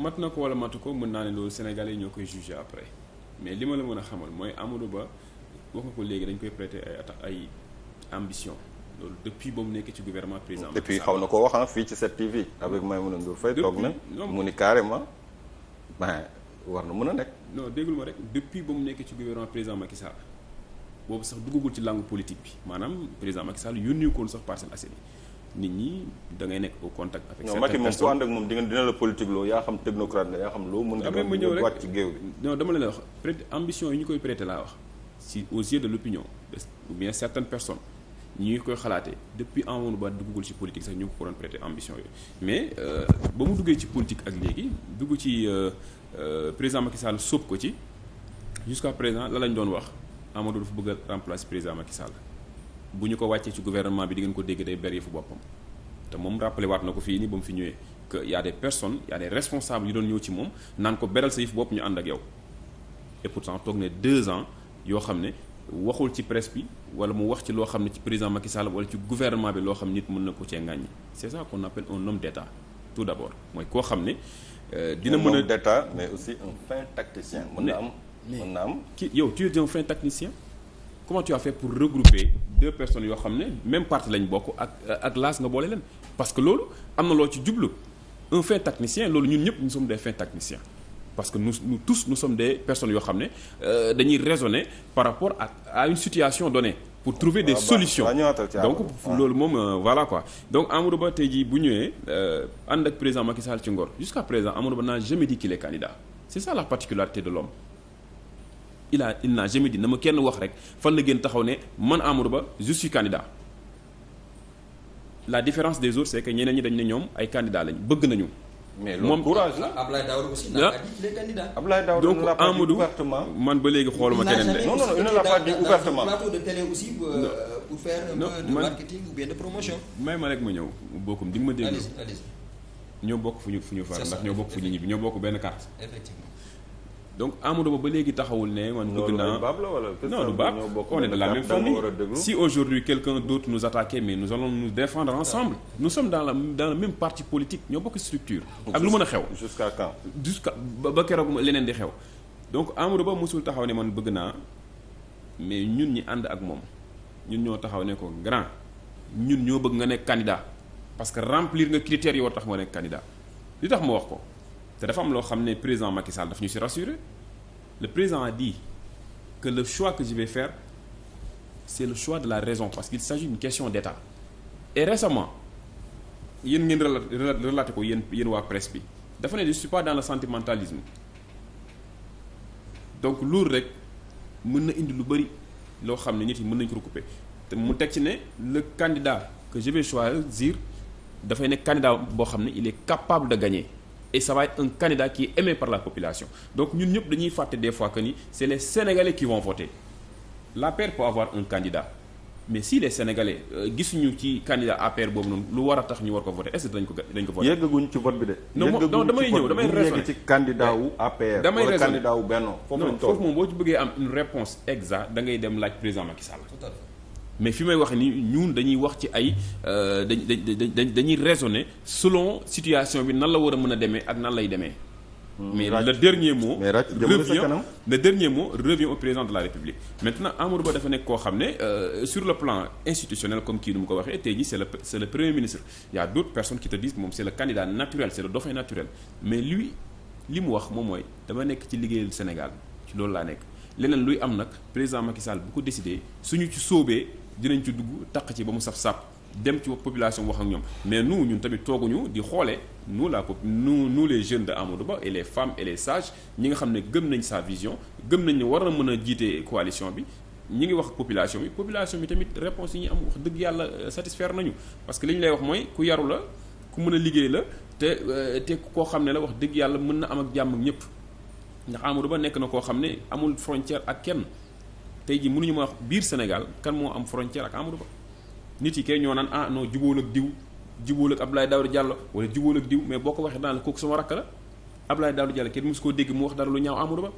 mat na ko wala matu ko mën naa ne loolu sénégalais ñoo koy jugé après mais li ma la mën a xamal mooy Amadou Ba wax nga ko léegi dañ koy prêter ay attaques ay ambition loolu depuis ba mu nekk ci gouvernement président. depuis xaw na ko wax ah fii ci 7TV. avec Maïmouna Ndour Faye toog na mu ni carrément ben war na mun a nekk. non déggul ma rek depuis ba mu nekk ci gouvernement président Macky Sall boobu sax duggagul ci langue politique bi maanaam président Macky Sall yónni ko woon sax Parcelles nit ñi da ngay nekk ko contact avec certaines personnes non Macky moom ku ànd ak moom di nga dina la politique loo yaa xam technocrate ñu koy prêter laa wax si aux yeux de l'opinion ou bien certaines ngi koy xalaatee depuis Amadou Ba duggagul ci politique sax ñu ko mais euh, ba mu duggee ci politique ak léegi dugg ci euh, euh, président Macky Sall sóob ko ci jusqu'à présent la lañ doon wax Amadou dafa bëgg a remplacer président Macky Sall bu ñu ko wàccee ci gouvernement bi di ko dégg day ber yëfu boppam te moom rappelé waat na ko fii nii ba mu fi ñëwee que y a des personnes y a des responsables doon ñëw ci moom naan ko beral sa yëfu bopp ñu ànd ak yow et pourtant toog ne deux ans yoo xam ne waxul ci presse bi wala mu wax ci loo xam ne ci président Macky Sall wala ci gouvernement bi loo xam nit mën na ko cee ngàññi c'est ça qu'on appelle un homme d'état tout d'abord mooy koo xam ne euh, dina mën a d'état un fin tacticien mën am mën na am ki yow tu es un fin comment tu as pour regrouper deux personnes yoo xam ne même parti lañ bokk ak euh, ak laas nga leen parce que loolu am ci jublu un fin loolu ñun ñëpp nous sommes des fins techniciens parce que nous nous tous nous sommes des personnes yoo xam ne euh, dañuy raisonner par rapport à à une situation donnée pour trouver des ah, solutions donc loolu moom euh, voilà quoi donc Amadou Ba tey jii bu ñëwee ànd ak président Macky Sall ci ngor jusqu'à présent Amadou Ba n'a jamais dit qu'il est candidat c'est ça la particularité de l'homme il a il n'a jamais ma kenn wax rek fan la génn taxaw ne man Amadou Ba je suis candidat la différence des autres c'est que ñi dañ ne ñoom ay candidats lañ bëgg nañu. mais loolu courage la Abdoulaye Daouda aussi n'a ah. pas dit qu'il est candidat. Abdoulaye donc Amadou man ba léegi xooluma keneen de. non non il ne l'a pas dit ouvertement. plateau euh, may ma rek ma ñëw bokkum di ma déglu. ñoo bokk fu ñu fu ñu far ndax ñoo bokk fu ñu ñibbi ñoo bokk benn carte. donc Amadou Ba ba léegi taxawul ne man. bëgg naa non du baab on est de la même famille si aujourd'hui quelqu'un d'autre nous attaquait mais nous allons nous défendre ah. ensemble nous sommes dans la dans le même parti politique ñoo bokk structure ak lu mën a xew jusqu'à quand jusqu'à ba ma leneen di xew donc Amadou Ba mosul taxaw ne man bëgg naa mais ñun ñi ànd ak moom ñun ñoo taxaw ne ko grand ñun ñoo bëgg nga nekk candidat parce que remplir nga critères yi tax nga nekk candidat li tax ma wax ko te dafa am loo xam ne président Macky Sall ñu si rassurer le président a dit que le choix que je vais faire c'est le choix de la raison parce qu'il s'agit d'une question d'État et récemment yéen ngeen relaté ko yéen yéen waa presse bi dafa ne je suis pas dans le sentimentalisme donc loolu rek mën na indi lu bëri loo xam ne nit yi mën nañu ko recouper te mu teg ci ne le candidat que je vais choisir dafay ne candidat boo xam ne il est capable de gagner et ça va être un candidat par la population donc ñun ñëpp dañuy fàtte des fois que ni c'est les Sénégalais qui vont voter l'APR peut avoir un candidat mais si les Sénégalais euh, gisuñu ci candidat APR boobu noonu lu war a tax ñu war ko voter est-ce que dañ ko dañ ko voter. yeggaguñ ci vote bi de. non damay ñëw damay raisonner damay raisonner candidat foofu moom boo ci bëggee am une réponse exacte da dem laaj président Macky Sall. mais fi may wax ni ñun dañuy wax ci ay euh, dañ dañuy raisonner selon situation bi nan la war a mën a demee ak nan lay demee. Hmm, mais le dernier mot revient le dernier mot revient au président de la république maintenant Amadou Ba dafa nekk koo xam ne euh, sur le plan institutionnel comme kii nu mu ko waxee tey jii c'est le premier ministre il y a qui te disent que moom c'est le candidat naturel c'est le dauphin naturel mais lui li mu wax moom mooy dama nekk ci liggéeyal Sénégal ci loolu laa nekk leneen luy am nag président Macky bu ko décidé suñu ci sóobee dinañ ci dugg taq ci ba mu saf sàpp dem ci population wax ak ñoom mais nous ñun tamit tooguñu di xoolee nous la pop nous nous les jeunes de Amadou Ba et les femmes et les sage ñi nga xam ne gëm nañ sa vision gëm nañ ne war na mën a jiite coalition bi ñu ngi wax population bi population bi tamit réponse yi ñu am wax dëgg yàlla euh, satisfaire nañu parce que li ñu lay wax mooy ku yaru la ku mën a liggéey la te euh, te koo xam ne la wax dëgg yàlla mën na am ak jàmm ak ñëpp ndax Amadou Ba nekk na koo xam ne amul frontière ak kenn tey jii mënuñu ma wax biir Sénégal kan moo am frontière ak Amadou Ba nit yi kay ñoo naan ah non jubóol ak diw jubóol ak Abdoulaye Daouda Diallo wala jubóol ak diw mais boo ko waxee daan la kooku sama rakk la Abdoulaye Daouda Diallo kenn su ko dégg mu wax dara lu ñaaw Amadou Ba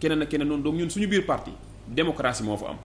keneen ak keneen noonu donc ñun suñu biir parti démocratie moo fa am.